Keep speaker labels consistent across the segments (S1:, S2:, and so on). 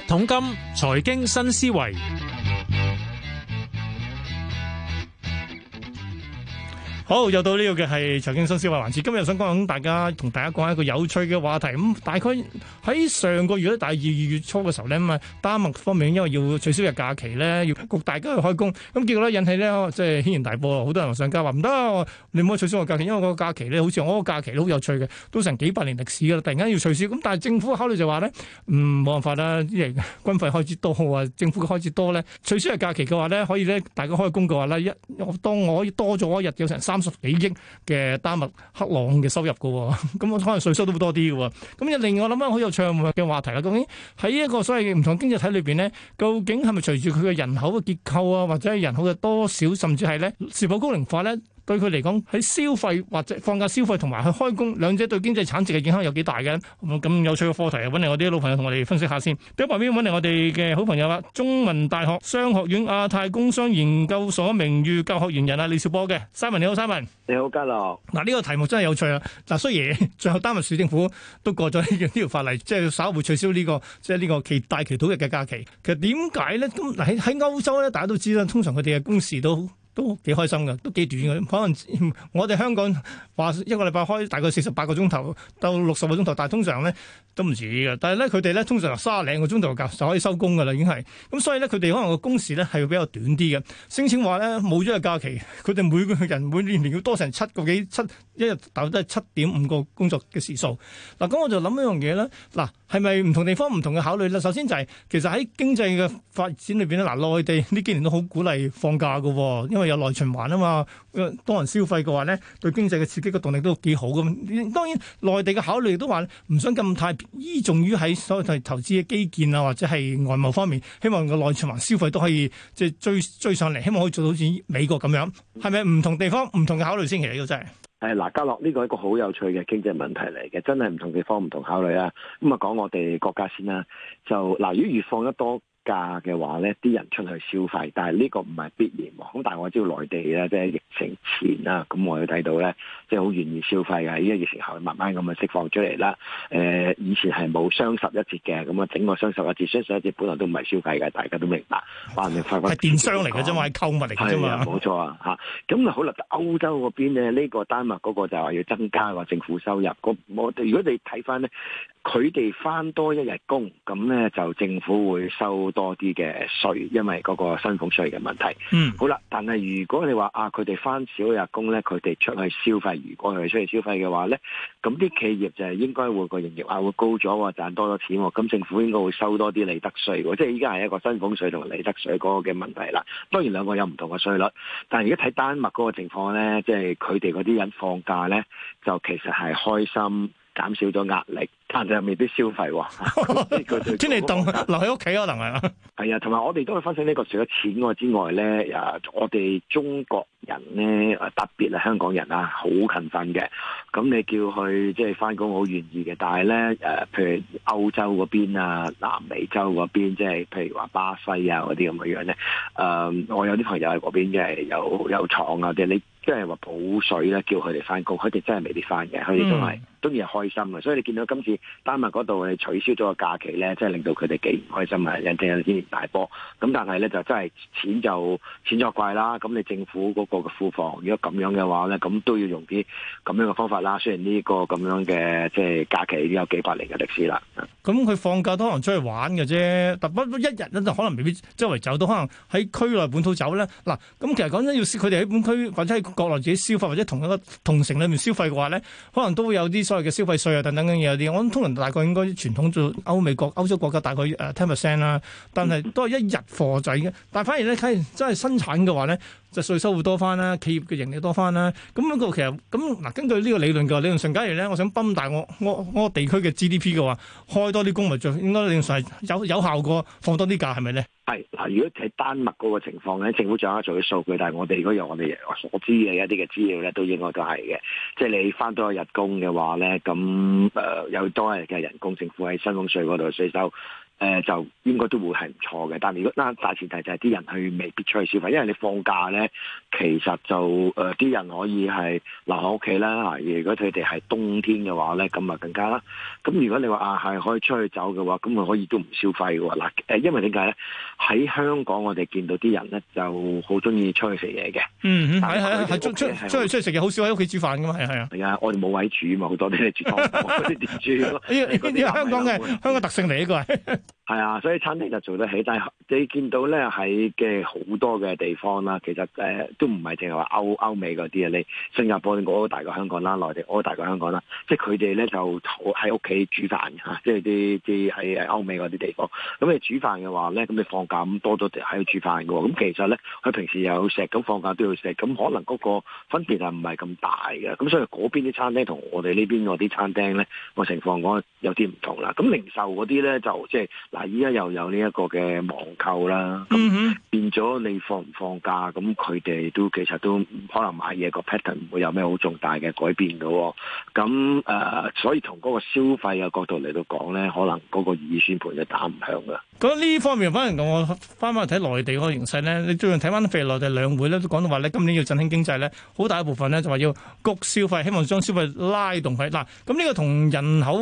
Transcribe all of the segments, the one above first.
S1: 一桶金，財經新思維。好，又到呢個嘅係財經新消費環節，今日想講大家同大家講一個有趣嘅話題。咁、嗯、大概喺上個月咧，第二月，月初嘅時候咧，咁啊，丹麥方面因為要取消日假期咧，要焗大家去開工，咁結果咧引起咧即係軒然大波，好多人上街話唔得，你唔好取消我假期，因為個假期咧，好似我個假期都好有趣嘅，都成幾百年歷史噶啦，突然間要取消，咁但係政府考慮就話咧，唔、嗯、冇辦法啦，因為軍費開支多啊，政府嘅開支多咧，取消日假期嘅話咧，可以咧，大家開工嘅話咧，一當我可以多咗一日有成三。十幾億嘅丹麥克朗嘅收入噶，哦，咁 可能稅收都會多啲噶。咁又令我諗翻好有趣嘅話題啦。究竟喺一個所謂嘅唔同經濟體裏邊咧，究竟係咪隨住佢嘅人口嘅結構啊，或者係人口嘅多少，甚至係咧是否高齡化咧？對佢嚟講，喺消費或者放假消費同埋去開工兩者對經濟產值嘅影響有幾大嘅咁、嗯、有趣嘅課題，揾嚟我啲老朋友同我哋分析一下先。對外邊揾嚟我哋嘅好朋友啦，中文大學商學院亞太工商研究所名譽教學員人啊，李兆波嘅。Simon 你好，Simon 你好，嘉樂。嗱呢個題目真係有趣啊！嗱雖然最後丹麥市政府都過咗呢條法例，即係稍為取消呢、這個即係呢個其大祈禱日嘅假期。其實點解咧？咁喺喺歐洲咧，大家都知啦，通常佢哋嘅工時都都幾開心噶，都幾短噶。可能我哋香港話一個禮拜開大概四十八個鐘頭到六十個鐘頭，但係通常咧都唔止嘅。但係咧佢哋咧通常卅零個鐘頭噶就可以收工噶啦，已經係。咁所以咧佢哋可能個工時咧係會比較短啲嘅。聲稱話咧冇咗個假期，佢哋每個人每年年要多成七個幾七一日，大約都係七點五個工作嘅時數。嗱咁我就諗一樣嘢咧，嗱。係咪唔同地方唔同嘅考慮啦？首先就係、是、其實喺經濟嘅發展裏邊咧，嗱、啊、內地呢幾年都好鼓勵放假嘅、哦，因為有內循環啊嘛。誒多人消費嘅話咧，對經濟嘅刺激嘅動力都幾好㗎嘛。當然內地嘅考慮亦都話唔想咁太依重於喺所謂投資嘅基建啊，或者係外貿方面，希望個內循環消費都可以即係追追上嚟，希望可以做到似美國咁樣。係咪唔同地方唔同嘅考慮先？其實呢個真係。
S2: 誒嗱，家樂呢個係一個好有趣嘅經濟問題嚟嘅，真係唔同地方唔同考慮啊。咁啊，講我哋國家先啦、啊，就嗱、啊，如果越放得多。價嘅話咧，啲人出去消費，但係呢個唔係必然喎。咁但係我知道內地咧，即係疫情前啦，咁我要睇到咧，即係好願意消費噶。依家疫情後慢慢咁樣釋放出嚟啦。誒、呃，以前係冇雙十一節嘅，咁啊，整個雙十一節，雙十一節本來都唔係消費嘅，大家都明白。哇是，你發覺係電
S1: 商嚟嘅啫嘛，係購物嚟啫嘛，冇
S2: 錯啊，吓。咁、啊啊啊、好啦，歐洲嗰邊咧，呢、這個丹麥嗰個就係要增加個政府收入。我哋如果你睇翻咧。佢哋翻多一日工，咁呢就政府會收多啲嘅稅，因為嗰個薪俸稅嘅問題。嗯。好啦，但係如果你話啊，佢哋翻少一日工呢，佢哋出去消費，如果佢哋出去消費嘅話呢，咁啲企業就係應該會個營業額會高咗，賺多咗錢。咁政府應該會收多啲利得稅，即係依家係一個薪俸稅同利得稅嗰個嘅問題啦。當然兩個有唔同嘅稅率，但係而家睇丹麥嗰個情況呢，即係佢哋嗰啲人放假呢，就其實係開心，減少咗壓力。但就未必消費喎，
S1: 即你當留
S2: 喺屋企可能係咯。係 啊，同埋我哋都去分析呢、呢個除咗錢之外咧，啊，我哋中國人咧特別係香港人啊，好勤奮嘅。咁你叫佢即係翻工，好、就是、願意嘅。但係咧誒，譬如歐洲嗰邊啊、南美洲嗰邊，即係譬如話巴西啊嗰啲咁嘅樣咧。誒，我有啲朋友喺嗰邊嘅，有有廠啊即係，你即係話補水咧，叫佢哋翻工，佢哋真係未必翻嘅，佢哋、嗯、都係當然係開心嘅。所以你見到今次。丹麥嗰度係取消咗個假期咧，即係令到佢哋幾唔開心啊！引起軒然大波。咁但係咧就真係錢就錢作怪啦。咁你政府嗰個嘅庫房，如果咁樣嘅話咧，咁都要用啲咁樣嘅方法啦。雖然呢個咁樣嘅即係假期已經有幾百年嘅歷史啦。
S1: 咁佢放假都可能出去玩嘅啫。特別一日咧，就可能未必周圍走，都可能喺區內本土走咧。嗱，咁其實講真，要佢哋喺本區或者喺國內自己消費，或者同一個同城裏面消費嘅話咧，可能都會有啲所謂嘅消費稅啊等等嘅嘢有啲通常大概應該傳統做歐美國歐洲國家大概誒 ten percent 啦，但係都係一日貨仔嘅。但係反而咧，假如真係生產嘅話咧，就稅收會多返啦，企業嘅盈利多返啦。咁、那、一個其實咁嗱，根據呢個理論嘅理論上，假如咧我想泵大我我我地區嘅 GDP 嘅話，開多啲工咪就應該令曬有有，有效過放多啲假係咪咧？是係
S2: 嗱，如果係丹麥嗰個情況咧，政府掌握咗啲數據，但係我哋如果用我哋所知嘅一啲嘅資料咧，都應該都係嘅。即係你翻多一日工嘅話咧，咁誒有多一日嘅人工，政府喺薪俸稅嗰度稅收。誒，就應該都會係唔錯嘅，但係如果嗱，大前提就係啲人去未必出去消費，因為你放假咧，其實就誒啲人可以係留喺屋企啦。如果佢哋係冬天嘅話咧，咁啊更加啦。咁如果你話啊係可以出去走嘅話，咁咪可以都唔消費嘅喎。嗱誒，因為點解咧？喺香港我哋見到啲人咧就好中意出去食嘢嘅。
S1: 出出去出去食嘢，好少喺屋企煮飯噶嘛，係係啊。係啊，我哋冇位煮嘛，好多啲係煮湯，啲點煮？呢呢香港嘅香港特性嚟呢個。係啊，所以餐廳就做得起，但係你
S2: 見到咧喺嘅好多嘅地方啦，其實誒、呃、都唔係淨係話歐歐美嗰啲啊，你新加坡嗰個大過香港啦，內地嗰個大過香港啦，即係佢哋咧就喺屋企煮飯嚇，即係啲啲喺歐美嗰啲地方，咁你煮飯嘅話咧，咁你放假咁多咗喺度煮飯嘅喎，咁其實咧佢平時有食，咁放假都要食，咁可能嗰個分別係唔係咁大嘅，咁所以嗰邊啲餐廳同我哋呢邊嗰啲餐廳咧個情況講，有啲唔同啦，咁零售嗰啲咧就即係嗱，依家又有呢一個嘅網購啦，咁變咗你放唔放假，咁佢哋都其實都可能買嘢個 pattern 唔會有咩好重大嘅改變嘅喎，咁誒，所以同嗰個消費嘅角度嚟到講咧，可能嗰個預算盤就打唔響嘅。
S1: 咁呢方面反而我翻翻睇內地嗰個形勢咧，你最近睇翻啲內地兩會咧都講到話咧，今年要振興經濟咧，好大一部分咧就話要谷消費，希望將消費拉動起。嗱，咁呢個同人口。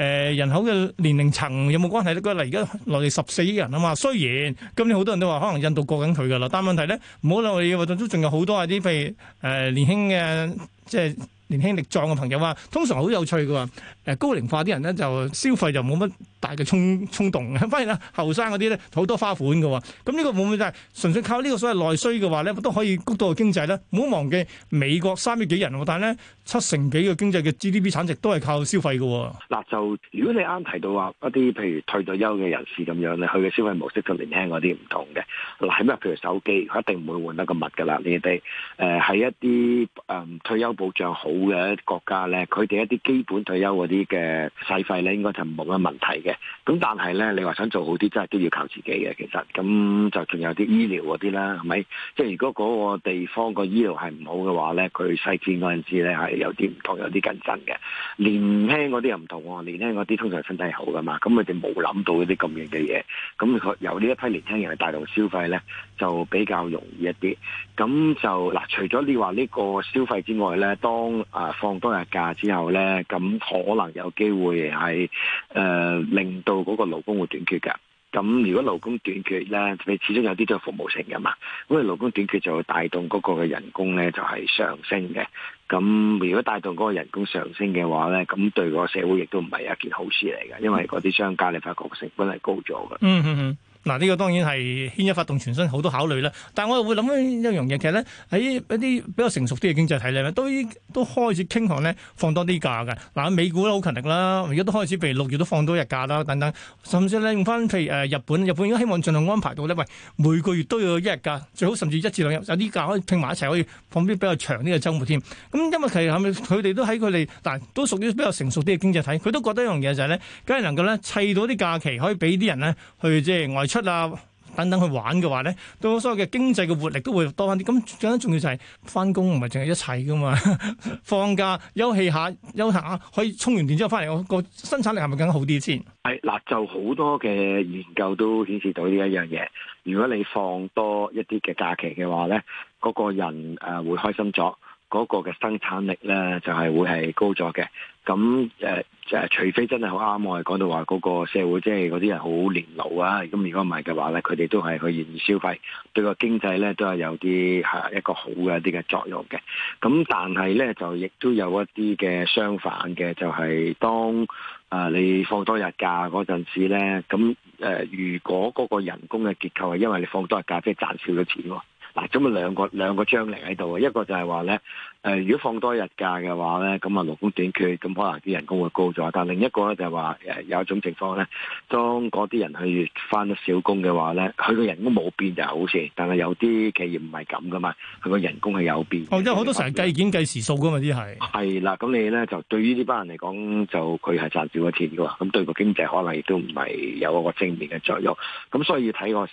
S1: 誒、呃、人口嘅年齡層有冇關係咧？嗱，而家內地十四億人啊嘛，雖然今年好多人都話可能印度過緊佢噶啦，但問題咧，唔好諗我哋話都仲有好多啊啲譬如，誒、呃、年輕嘅即係年輕力壯嘅朋友啊，通常好有趣噶。誒、呃、高齡化啲人咧就消費就冇乜大嘅衝衝動，反而啊後生嗰啲咧好多花款嘅，咁呢個會唔會就係純粹靠呢個所謂內需嘅話咧都可以谷到個經濟咧？唔好忘記美國三億幾人喎，但係咧七成幾嘅經濟嘅 GDP 產值都係靠消費嘅。嗱，就
S2: 如果你啱提到話一啲譬如退咗休嘅人士咁樣咧，佢嘅消費模式就年輕嗰啲唔同嘅。嗱係咩？譬如手機，佢一定唔會換得咁密嘅啦。你哋誒喺一啲誒退休保障好嘅國家咧，佢哋一啲基本退休嗰啲嘅使費咧，應該就冇乜問題嘅。咁、嗯、但係咧，你話想做好啲，真係都要靠自己嘅。其實咁、嗯、就仲有啲醫療嗰啲啦，係咪？即係如果嗰個地方個醫療係唔好嘅話咧，佢西遷嗰陣時咧係有啲唔同，有啲謹慎嘅。年輕嗰啲又唔同喎，年輕嗰啲通常身體好噶嘛，咁佢哋冇諗到啲咁樣嘅嘢。咁、嗯、佢由呢一批年輕人嚟帶動消費咧，就比較容易一啲。咁就嗱、呃，除咗你話呢個消費之外咧，當啊、呃、放多日假之後咧，咁可能有機會係誒。呃令到嗰個勞工會短缺㗎，咁如果勞工短缺咧，你始終有啲都係服務性㗎嘛，因為勞工短缺就會帶動嗰個嘅人工咧就係上升嘅，咁如果帶動嗰個人工上升嘅話咧，咁對個社會亦都唔係一件好事嚟㗎，因為嗰啲商家你發覺成本係高咗㗎。嗯嗯
S1: 嗯。嗱，呢個當然係牽一發動全身，好多考慮啦。但係我又會諗一樣嘢，其實咧喺一啲比較成熟啲嘅經濟體咧，都都開始傾向咧放多啲假嘅。嗱，美股都好勤力啦，而家都開始譬如六月都放多日假啦，等等。甚至咧用翻譬如誒日本，日本應該希望儘量安排到咧，喂每個月都要一日假，最好甚至一至兩日有啲假可以拼埋一齊，可以放啲比較長啲嘅周末添。咁因為其實係咪佢哋都喺佢哋，但都屬於比較成熟啲嘅經濟體，佢都覺得一樣嘢就係咧，梗係能夠咧砌到啲假期，可以俾啲人呢去即係外出啊，等等去玩嘅話咧，都所有嘅經濟嘅活力都會多翻啲。咁最緊重要就係翻工唔係淨係一齊噶嘛， 放假休憩下、休閒下，可以充完電之後翻嚟，我個生產力係咪更加好啲先？
S2: 係嗱，就好多嘅研究都顯示到呢一樣嘢。如果你放多一啲嘅假期嘅話咧，嗰、那個人誒會開心咗，嗰、那個嘅生產力咧就係會係高咗嘅。咁誒。呃除非真係好啱我哋講到話嗰個社會，即係嗰啲人好年老啊。咁如果唔係嘅話呢，佢哋都係去延消費，對個經濟呢都係有啲係一個好嘅一啲嘅作用嘅。咁但係呢，就亦都有一啲嘅相反嘅，就係當啊呃你放多日假嗰陣時咧，咁誒如果嗰個人工嘅結構係因為你放多日假，即係賺少咗錢啊。嗱，咁啊兩個兩個張力喺度啊，一個就係話咧，誒、呃，如果放多日假嘅話咧，咁啊勞工短缺，咁可能啲人工會高咗；但另一個咧就係話，誒、呃、有一種情況咧，當嗰啲人去翻咗小工嘅話咧，佢個人工冇變就係好事，但係有啲企業唔係咁噶嘛，佢個人工係有變。哦，即係好多
S1: 成日計件計時數噶嘛，啲係。
S2: 係啦，咁你咧就對於呢班人嚟講，就佢係賺少咗錢噶喎，咁對個經濟可能亦都唔係有一個正面嘅作用。咁所以要睇個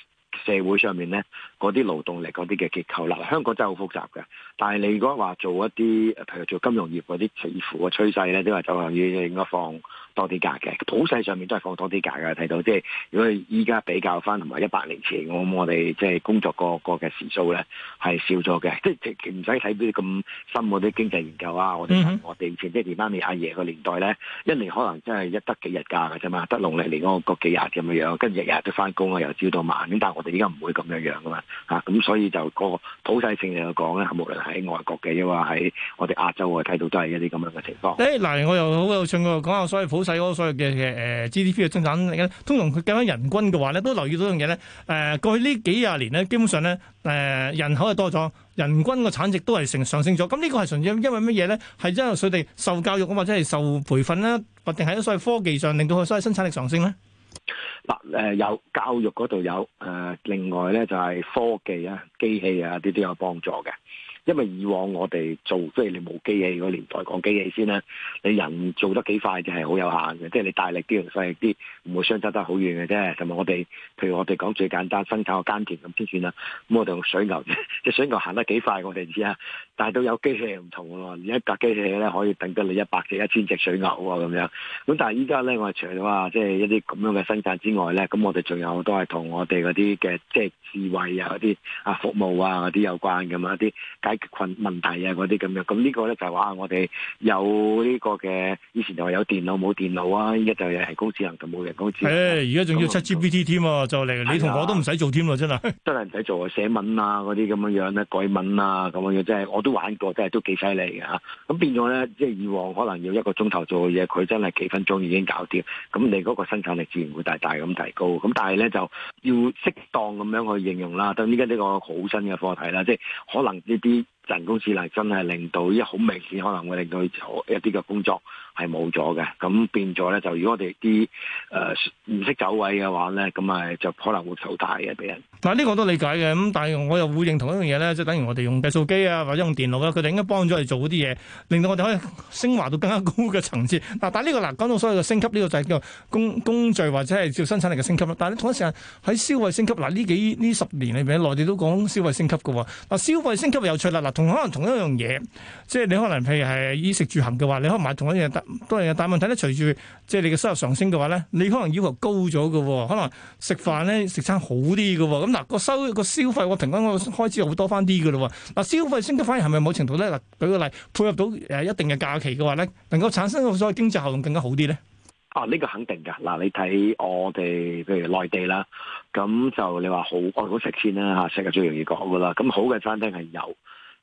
S2: 社會上面咧。嗰啲勞動力嗰啲嘅結構啦、啊，香港真係好複雜嘅。但係你如果話做一啲，譬如做金融業嗰啲似乎嘅趨勢咧，都係走向要應該放多啲假嘅。普世上面都係放多啲假嘅。睇到即係如果依家比較翻同埋一百年前，我我哋即係工作、嗰個個嘅時數咧係少咗嘅。即係唔使睇啲咁深嗰啲經濟研究啊。我哋我哋以前即係點解你阿爺嘅年代咧，一年可能真係一得幾日假嘅啫嘛，得農曆年嗰、嗰個幾日咁嘅樣，跟住日日都翻工啊，由朝到晚。咁但係我哋依家唔會咁樣樣噶嘛。吓咁、啊、所以就、個普世性嚟講咧，無論喺外國嘅，抑或喺我哋亞洲啊，睇到都係一啲咁樣嘅情況。
S1: 誒嗱、哎，我又好有趣，我講下所謂普世嗰個所謂嘅嘅誒 GDP 嘅生產力咧，通常佢計翻人均嘅話咧，都留意到一樣嘢咧。誒、呃，過去呢幾廿年咧，基本上咧，誒、呃、人口係多咗，人均個產值都係成上升咗。咁呢個係純粹因為乜嘢咧？係因為佢哋受教育啊，或者係受培訓咧，或定係所謂科技上令到佢所謂生產力上升咧？
S2: 嗱，誒、呃，有教育嗰度有，誒、呃，另外咧就係、是、科技啊、機器啊啲都有幫助嘅。因為以往我哋做即係你冇機器嗰年代講機器先啦，你人做得幾快就係好有限嘅，即係你大力啲同細力啲唔會相差得好遠嘅啫。同埋我哋，譬如我哋講最簡單生產個耕田咁先算啦。咁我哋用水牛，即 係水牛行得幾快，我哋唔知啊。但係到有機器唔同喎，而一架機器咧可以頂得你一百隻、一千隻水牛喎咁樣。咁但係依家咧，我哋除咗話，即係一啲咁樣嘅生產之外咧，咁我哋仲有都係同我哋嗰啲嘅即係智慧啊、嗰啲啊服務啊嗰啲有，有關咁啊啲困問題啊，嗰啲咁樣，咁呢個咧就係話我哋有呢個嘅，以前就話有電腦冇電腦啊，依家就係人工智能同冇人工智能。係，而家仲要
S1: ChatGPT 添、啊、喎，就嚟的你同我都唔使做添喎，真係
S2: 真係唔使做啊，寫文啊嗰啲咁樣樣咧，改文啊咁樣樣，真係我都玩過，真係都幾犀利嘅嚇。咁變咗咧，即係以往可能要一個鐘頭做嘅嘢，佢真係幾分鐘已經搞掂，咁你嗰個生產力自然會大大咁提高。咁但係咧就要適當咁樣去應用啦。都依家呢個好新嘅課題啦，即係可能呢啲。人工智能真係令到一好明顯，可能會令到佢做一啲嘅工作。係冇咗嘅，咁變咗咧，就如果我哋啲誒唔識走位嘅話咧，咁啊，就可能會受大嘅俾人。
S1: 嗱呢個我都理解嘅，咁但係我又會認同一樣嘢咧，即、就、係、是、等於我哋用計數機啊，或者用電腦咧、啊，佢哋應該幫咗嚟做嗰啲嘢，令到我哋可以升華到更加高嘅層次。嗱、啊，但係、這、呢個嗱講到所謂嘅升級呢、這個就係叫工工序或者係照生產力嘅升級啦。但係咧，同一時間喺消費升級，嗱呢幾呢十年裏邊，內地都講消費升級嘅喎。嗱、啊、消費升級又有趣啦，嗱、啊、同可能同一樣嘢，即係你可能譬如係衣食住行嘅話，你可以買同一樣都係，但問題咧，隨住即係你嘅收入上升嘅話咧，你可能要求高咗嘅喎，可能食飯咧食餐好啲嘅喎，咁嗱個收個消費、個消費平均個開支又會多翻啲嘅嘞喎，嗱消費升得反而係咪某程度咧嗱，舉個例配合到誒一定嘅假期嘅話咧，能夠產生嘅所謂經濟效用更加好啲咧、啊這個？啊，
S2: 呢個肯定嘅嗱，你睇我哋譬如內地啦，咁就你話好愛好食先啦嚇，食係最容易講嘅啦，咁好嘅餐廳係有。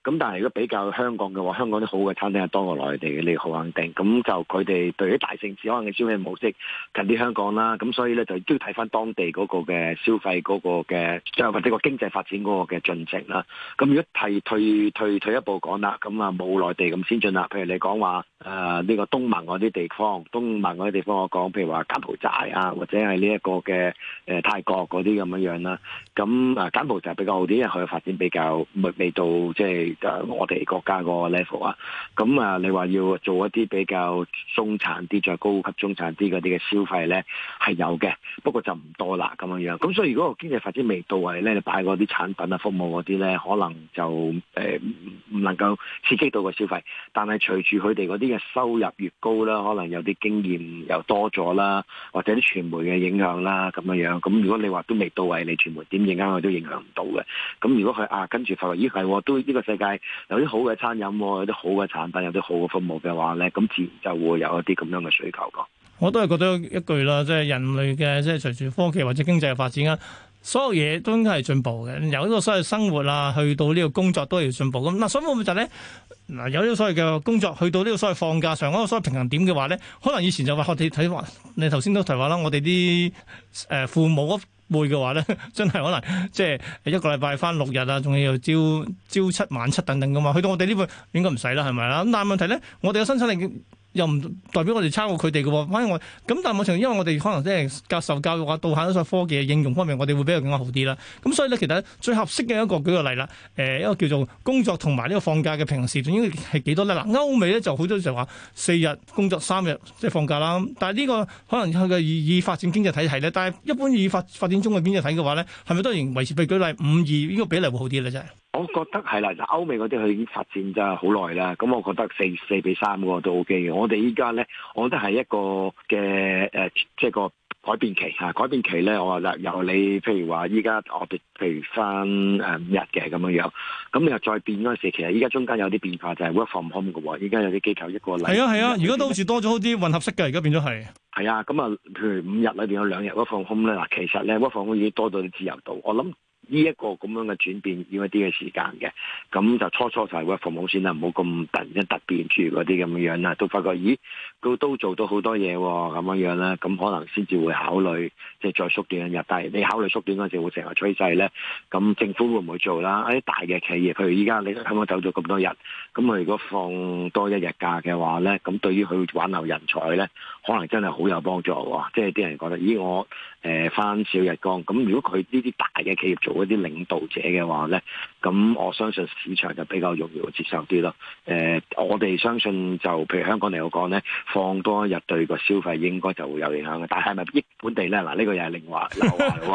S2: 咁但係如果比較香港嘅話，香港啲好嘅餐廳係多過內地嘅，你好肯定。咁就佢哋對於大城市可能嘅消費模式近啲香港啦。咁所以咧就都要睇翻當地嗰個嘅消費嗰個嘅，即或者個經濟發展嗰個嘅進程啦。咁如果退退退退一步講啦，咁啊冇內地咁先進啦。譬如你講話誒呢個東盟嗰啲地方，東盟嗰啲地方我講，譬如話柬埔寨啊，或者係呢一個嘅誒、呃、泰國嗰啲咁樣樣啦。咁啊柬埔寨比較好啲，因為佢嘅發展比較未未到即係。啊、我哋國家嗰個 level 啊，咁啊，啊，你話要做一啲比較中產啲，再高級中產啲嗰啲嘅消費咧，係有嘅，不過就唔多啦咁樣樣。咁、啊、所以如果個經濟發展未到位咧，你擺啲產品啊、服務嗰啲咧，可能就誒唔、呃、能夠刺激到個消費。但係隨住佢哋嗰啲嘅收入越高啦，可能有啲經驗又多咗啦，或者啲傳媒嘅影響啦咁樣樣。咁、啊、如果你話都未到位，你傳媒點影響我都影響唔到嘅。咁如果佢啊，啊跟住發話，咦、哎、係、啊，都呢、這個世界。但有啲好嘅餐飲，有啲好嘅產品，有啲好嘅服務嘅話咧，咁自然就會有一啲咁樣嘅需求咯。
S1: 我都係覺得一句啦，即係人類嘅，即係隨住科技或者經濟嘅發展啦，所有嘢都應該係進步嘅。由呢個所謂生活啊，去到呢個工作都係要進步。咁嗱，所以會唔會就咧嗱，有啲所謂嘅工作，去到呢個所謂放假上嗰個所謂平衡點嘅話咧，可能以前就話學你睇話，你頭先都提話啦，我哋啲誒父母。背嘅話咧，真係可能即係一個禮拜返六日啊，仲要朝朝七晚七等等噶嘛。去到我哋呢邊應該唔使啦，係咪啦？咁但係問題咧，我哋嘅生產力。又唔代表我哋差過佢哋嘅喎，反正我咁但係冇成因為我哋可能真係教授教育話到下，向咗科技嘅應用方面，我哋會比較更加好啲啦。咁所以咧，其實最合適嘅一個舉個例啦，誒一個叫做工作同埋呢個放假嘅平衡時段應該係幾多咧？嗱，歐美咧就好多就話四日工作三日即係、就是、放假啦。但係呢個可能佢嘅以發展經濟體系咧，但係一般以發發展中嘅經濟體嘅話咧，係咪當然維持被舉例五二呢個比例會好啲咧？真係。
S2: 覺得係啦，嗱，歐美嗰啲佢已經發展咗好耐啦，咁我覺得四四比三個都 OK 嘅。我哋依家咧，我覺得係、OK、一個嘅誒、呃，即係個改變期嚇、啊。改變期咧，我話啦，由你譬如話依家我哋譬如返誒五日嘅咁樣樣，咁你又再變嗰陣時，其實依家中間有啲變化就係 work from home 嘅喎。依家有啲機構一個係啊係
S1: 啊，而家、啊、都好似多咗好啲混合式嘅，而家變咗係。
S2: 係啊，咁啊，譬如五日裏面有兩日 work from home 咧，嗱，其實咧 work from home 已經多咗啲自由度，我諗。呢一個咁樣嘅轉變要一啲嘅時間嘅，咁就初初就係話放冇先啦，唔好咁突然間突變住嗰啲咁樣啦，都發覺咦～都都做到好多嘢喎，咁樣樣咧，咁可能先至會考慮即係再縮短一日。但係你考慮縮短嗰陣時會成個趨勢咧，咁政府會唔會做啦？一啲大嘅企業，譬如依家你睇下走咗咁多日，咁佢如果放多一日假嘅話咧，咁對於佢挽留人才咧，可能真係好有幫助喎、哦。即係啲人覺得，咦，我誒返少日工，咁如果佢呢啲大嘅企業做一啲領導者嘅話咧，咁我相信市場就比較容易會接受啲咯。誒、呃，我哋相信就譬如香港嚟講咧。放多一日對個消費應該就會有影響嘅，但係係咪益本地咧？嗱，呢個又係另話。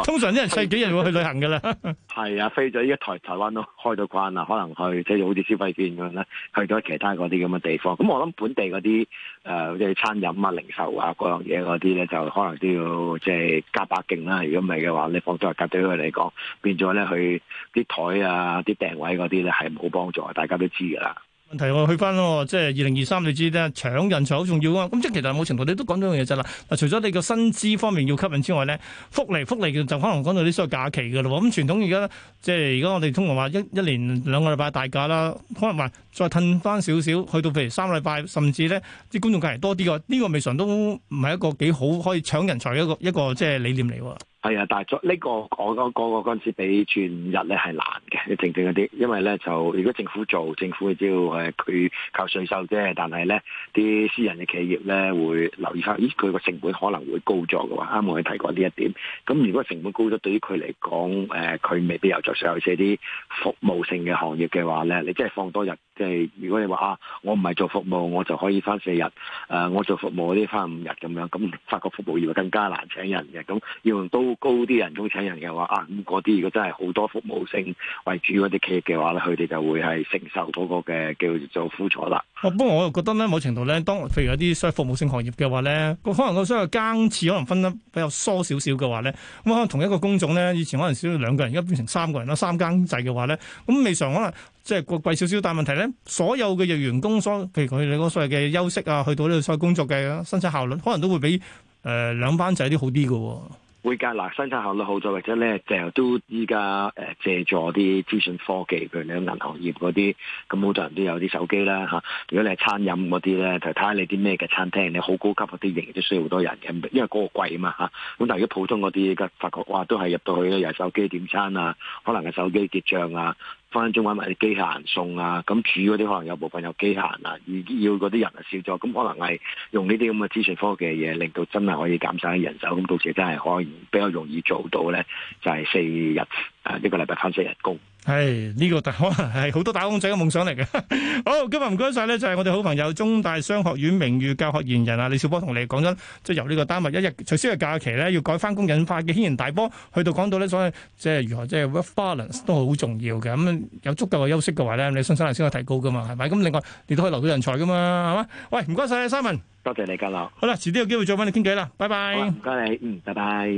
S2: 通常
S1: 啲人世紀人會去旅行嘅啦。
S2: 係 啊，飛咗而家台台灣都開到關啦，可能去即係好似消費券咁樣咧，去咗其他嗰啲咁嘅地方。咁我諗本地嗰啲誒即係餐飲啊、零售啊嗰樣嘢嗰啲咧，就可能都要即係、就是、加把勁啦、啊。如果唔係嘅話，你放多日假對佢嚟講，變咗咧去啲枱啊、啲訂位嗰啲咧係冇幫助，大家都知㗎啦。
S1: 問題去翻咯，即係二零二三你知啦，搶人才好重要啊。咁即係其實係冇程度，你都講咗樣嘢就啦。嗱，除咗你個薪資方面要吸引之外咧，福利福利就可能講到啲需要假期噶啦。咁傳統而家即係而家我哋通常話一一年兩個禮拜大假啦，可能話再褪翻少少，去到譬如三個禮拜，甚至咧啲觀眾假期多啲嘅，呢個未嘗都唔係一個幾好可以搶人才嘅一個一個即係理念嚟。
S2: 係啊，但係做呢個我嗰個嗰陣時俾轉日咧係難嘅，正正嗰啲，因為咧就如果政府做，政府只要誒佢靠稅收啫，但係咧啲私人嘅企業咧會留意返，咦佢個成本可能會高咗嘅話，啱我哋提過呢一點，咁如果成本高咗，對於佢嚟講誒佢未必有著數，尤其是啲服務性嘅行業嘅話咧，你即係放多日。即係如果你話啊，我唔係做服務，我就可以翻四日；誒、呃，我做服務嗰啲翻五日咁樣。咁發覺服務業更加難請人嘅，咁要用到高啲人工請人嘅話啊，咁嗰啲如果真係好多服務性為主嗰啲企業嘅話咧，佢哋就會係承受嗰個嘅叫做苦楚
S1: 啦。不過、哦、我又覺得咧，某程度咧，當譬如一啲所謂服務性行業嘅話咧，個可能個所謂嘅更次可能分得比較疏少少嘅話咧，咁可能同一個工種咧，以前可能少兩個人，而家變成三個人啦，三更制嘅話咧，咁未常可能。即係貴少少，但係問題咧，所有嘅員員工所，所譬如佢你講所謂嘅休息啊，去到呢度再工作嘅生產效率，可能都會比誒呃、兩班仔啲好啲嘅、
S2: 啊。會噶，嗱，生產效率好咗，或者咧，就都依家誒借助啲資訊科技，譬如你喺銀行業嗰啲，咁好多人都有啲手機啦吓。如果你係餐飲嗰啲咧，就睇下你啲咩嘅餐廳，你好高級嗰啲營業都需要好多人嘅，因為嗰個貴啊嘛吓。咁但係如果普通嗰啲，而家發覺哇，都係入到去咧，又係手機點餐啊，可能係手機結賬啊。分分鐘揾埋啲機械人送啊，咁主要啲可能有部分有機械人啊，而要嗰啲人啊少咗，咁可能係用呢啲咁嘅資訊科技嘅嘢，令到真係可以減晒人手，咁到時真係可以比較容易做到咧，就係四日啊、呃，一個禮拜翻四日工。
S1: 係呢個可能係好多打工仔嘅夢想嚟嘅。好，今日唔該晒咧，就係我哋好朋友中大商學院名譽教學員人啊李兆波同你講咗，即係由呢個丹麥一日取消嘅假期咧，要改翻工，引發嘅軒然大波，去到講到咧，所謂即係如何即係 work balance 都好重要嘅。咁有足夠嘅休息嘅話咧，你生產力先可以提高噶嘛，係咪？咁另外你都可以留到人才噶嘛，係嘛？喂，唔該晒，Simon，多謝你，吉佬。好啦，遲啲有機會再搵你傾偈啦，拜拜。好，唔該你，嗯，拜拜。